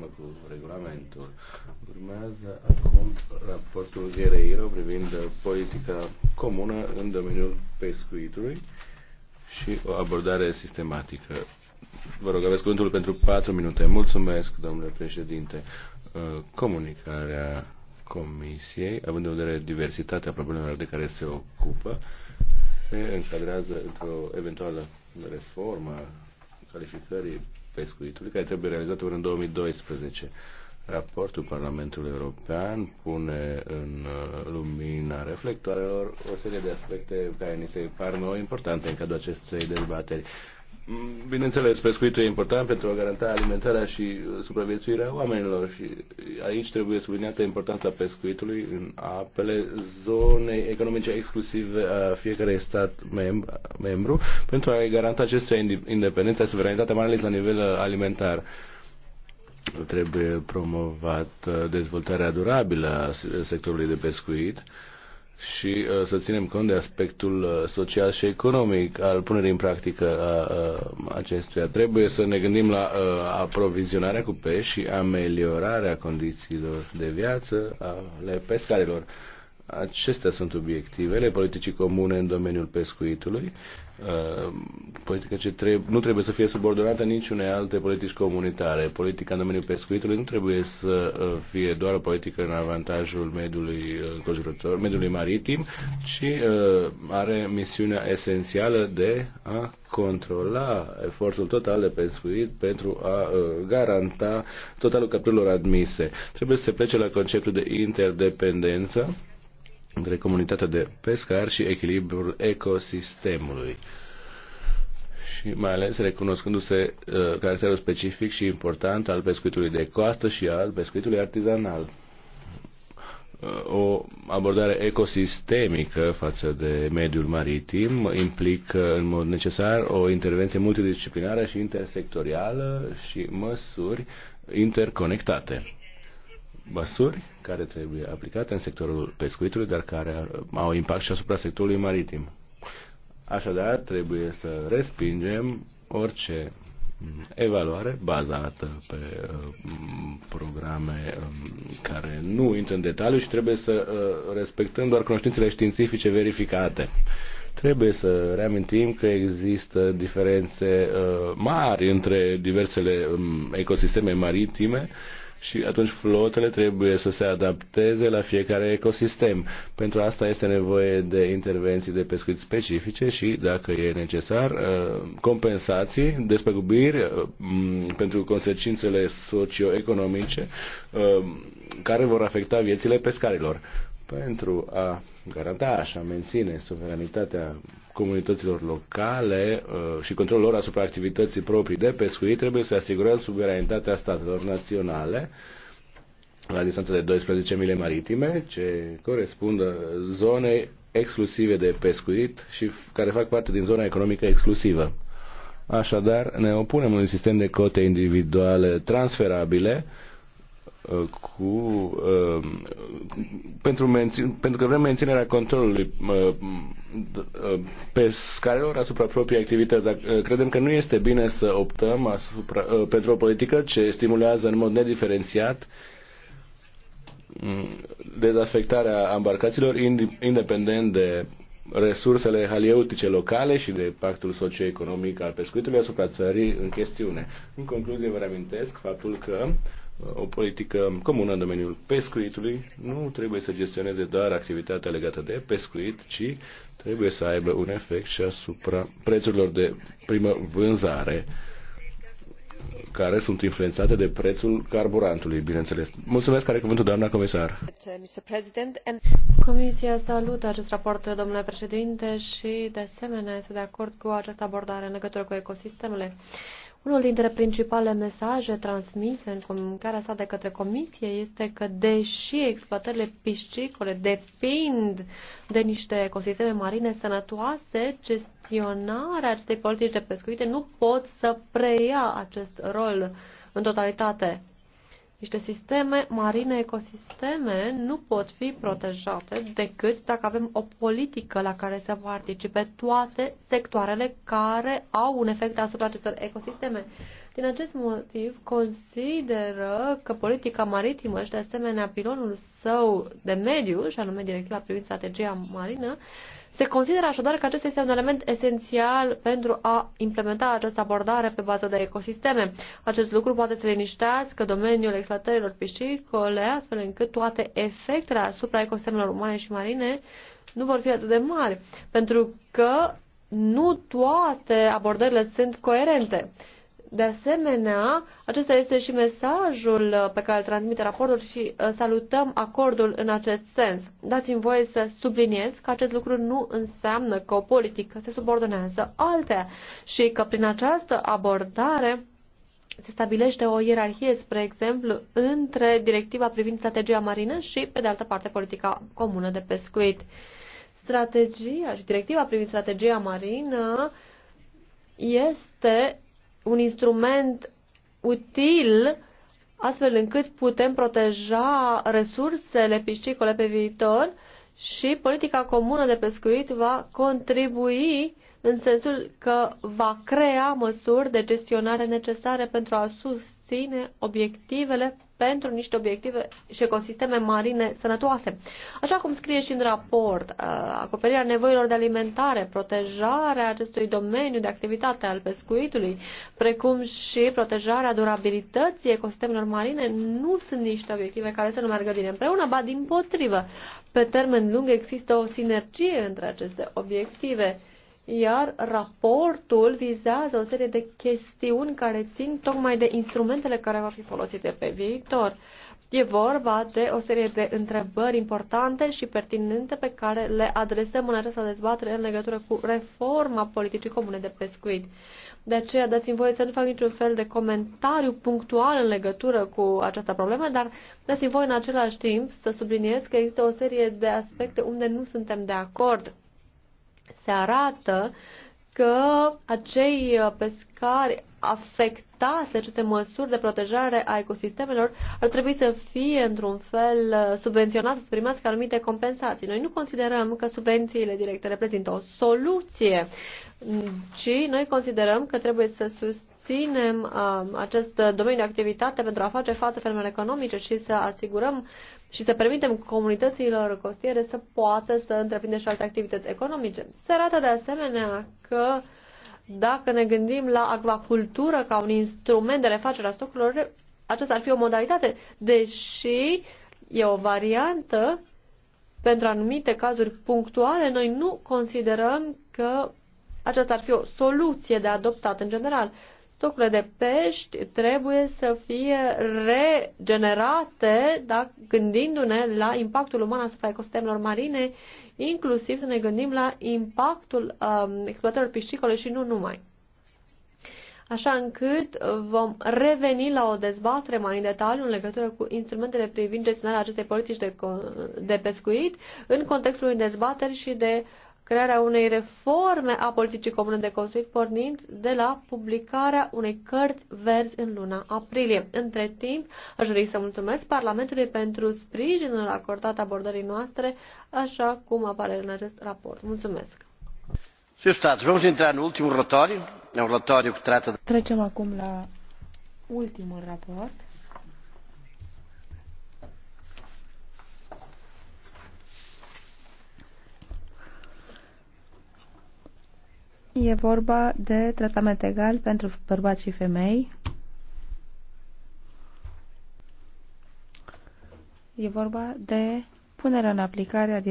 conformă cu regulamentul. Urmează acum raportul Guerreiro privind politica comună în domeniul pescuitului și o abordare sistematică. Vă rog, aveți cuvântul pentru 4 minute. Mulțumesc, domnule președinte. Uh, comunicarea Comisiei, având în vedere diversitatea problemelor de care se ocupă, se încadrează într-o eventuală reformă calificării pescuitului, care trebuie realizată până în 2012. Raportul Parlamentului European pune în uh, lumina reflectoarelor o serie de aspecte care ni se par nouă importante în cadrul acestei dezbateri. Bineînțeles, pescuitul e important pentru a garanta alimentarea și supraviețuirea oamenilor și aici trebuie subliniată importanța pescuitului în apele zonei economice exclusive a fiecărui stat memb- membru pentru a garanta acestea independența, suveranitatea, mai ales la nivel alimentar trebuie promovat uh, dezvoltarea durabilă a sectorului de pescuit și uh, să ținem cont de aspectul uh, social și economic al punerii în practică a uh, acestuia. Trebuie să ne gândim la aprovizionarea cu pești și ameliorarea condițiilor de viață ale pescarilor. Acestea sunt obiectivele politicii comune în domeniul pescuitului, politică ce trebuie, nu trebuie să fie subordonată niciunei alte politici comunitare. Politica în domeniul pescuitului nu trebuie să uh, fie doar o politică în avantajul mediului înconjurător, mediului maritim, ci uh, are misiunea esențială de a controla efortul total de pescuit pentru a uh, garanta totalul capturilor admise. Trebuie să se plece la conceptul de interdependență între comunitatea de pescar și echilibrul ecosistemului și mai ales recunoscându-se uh, caracterul specific și important al pescuitului de coastă și al pescuitului artizanal. Uh, o abordare ecosistemică față de mediul maritim implică în mod necesar o intervenție multidisciplinară și intersectorială și măsuri interconectate. Măsuri care trebuie aplicate în sectorul pescuitului, dar care au impact și asupra sectorului maritim. Așadar, trebuie să respingem orice evaluare bazată pe uh, programe um, care nu intră în detaliu și trebuie să uh, respectăm doar cunoștințele științifice verificate. Trebuie să reamintim că există diferențe uh, mari între diversele um, ecosisteme maritime și atunci flotele trebuie să se adapteze la fiecare ecosistem. Pentru asta este nevoie de intervenții de pescuit specifice și, dacă e necesar, uh, compensații, despăgubiri uh, pentru consecințele socioeconomice uh, care vor afecta viețile pescarilor pentru a garanta și a menține suveranitatea comunităților locale uh, și controlul lor asupra activității proprii de pescuit, trebuie să asigurăm suveranitatea statelor naționale la distanță de 12 mile maritime, ce corespundă zonei exclusive de pescuit și care fac parte din zona economică exclusivă. Așadar, ne opunem unui sistem de cote individuale transferabile, cu, uh, pentru, pentru că vrem menținerea controlului uh, uh, pe scalelor asupra propriei activități. Dar credem că nu este bine să optăm asupra, pentru o politică ce stimulează în mod nediferențiat mm, dezafectarea embarcațiilor independent de resursele halieutice locale și de pactul socioeconomic al pescuitului asupra țării în chestiune. În concluzie, vă reamintesc faptul că uh, o politică comună în domeniul pescuitului nu trebuie să gestioneze doar activitatea legată de pescuit, ci trebuie să aibă un efect și asupra prețurilor de primă vânzare care sunt influențate de prețul carburantului, bineînțeles. Mulțumesc, care cuvântul, doamna comisar. Comisia salută acest raport, domnule președinte, și de asemenea este de acord cu această abordare în legătură cu ecosistemele. Unul dintre principalele mesaje transmise în comunicarea sa de către Comisie este că, deși exploatările piscicole depind de niște ecosisteme marine sănătoase, gestionarea acestei politici de pescuite nu pot să preia acest rol în totalitate. Niște sisteme marine, ecosisteme, nu pot fi protejate decât dacă avem o politică la care să participe toate sectoarele care au un efect asupra acestor ecosisteme. Din acest motiv, consideră că politica maritimă și, de asemenea, pilonul său de mediu, și anume directiva privind strategia marină, se consideră așadar că acesta este un element esențial pentru a implementa această abordare pe bază de ecosisteme. Acest lucru poate să liniștească domeniul exploatărilor piscicole, astfel încât toate efectele asupra ecosistemelor umane și marine nu vor fi atât de mari, pentru că nu toate abordările sunt coerente. De asemenea, acesta este și mesajul uh, pe care îl transmite raportul și uh, salutăm acordul în acest sens. Dați-mi voie să subliniez că acest lucru nu înseamnă că o politică se subordonează altea și că prin această abordare se stabilește o ierarhie, spre exemplu, între directiva privind strategia marină și, pe de altă parte, politica comună de pescuit. Strategia și directiva privind strategia marină este un instrument util astfel încât putem proteja resursele piscicole pe viitor și politica comună de pescuit va contribui în sensul că va crea măsuri de gestionare necesare pentru a susține susține obiectivele pentru niște obiective și ecosisteme marine sănătoase. Așa cum scrie și în raport, uh, acoperirea nevoilor de alimentare, protejarea acestui domeniu de activitate al pescuitului, precum și protejarea durabilității ecosistemelor marine, nu sunt niște obiective care să nu meargă bine împreună, ba din potrivă. Pe termen lung există o sinergie între aceste obiective iar raportul vizează o serie de chestiuni care țin tocmai de instrumentele care vor fi folosite pe viitor. E vorba de o serie de întrebări importante și pertinente pe care le adresăm în această dezbatere în legătură cu reforma politicii comune de pescuit. De aceea dați-mi voie să nu fac niciun fel de comentariu punctual în legătură cu această problemă, dar dați-mi voie în același timp să subliniez că există o serie de aspecte unde nu suntem de acord se arată că acei pescari afectați de aceste măsuri de protejare a ecosistemelor ar trebui să fie, într-un fel, subvenționați, să primească anumite compensații. Noi nu considerăm că subvențiile directe reprezintă o soluție, ci noi considerăm că trebuie să susținem susținem uh, acest domeniu de activitate pentru a face față fermelor economice și să asigurăm și să permitem comunităților costiere să poată să întreprindă și alte activități economice. Se arată de asemenea că dacă ne gândim la acvacultură ca un instrument de refacere a stocurilor, aceasta ar fi o modalitate, deși e o variantă pentru anumite cazuri punctuale, noi nu considerăm că aceasta ar fi o soluție de adoptat în general stocurile de pești trebuie să fie regenerate, da, gândindu-ne la impactul uman asupra ecosistemelor marine, inclusiv să ne gândim la impactul um, exploatărilor piscicole și nu numai. Așa încât vom reveni la o dezbatere mai în detaliu în legătură cu instrumentele privind gestionarea acestei politici de, de pescuit în contextul unei dezbateri și de uh, crearea unei reforme a politicii comune de construit, pornind de la publicarea unei cărți verzi în luna aprilie. Între timp, aș dori să mulțumesc Parlamentului pentru sprijinul acordat abordării noastre, așa cum apare în acest raport. Mulțumesc! Um Trecem acum la ultimul raport. E vorba de tratament egal pentru bărbați și femei. E vorba de punerea în aplicare a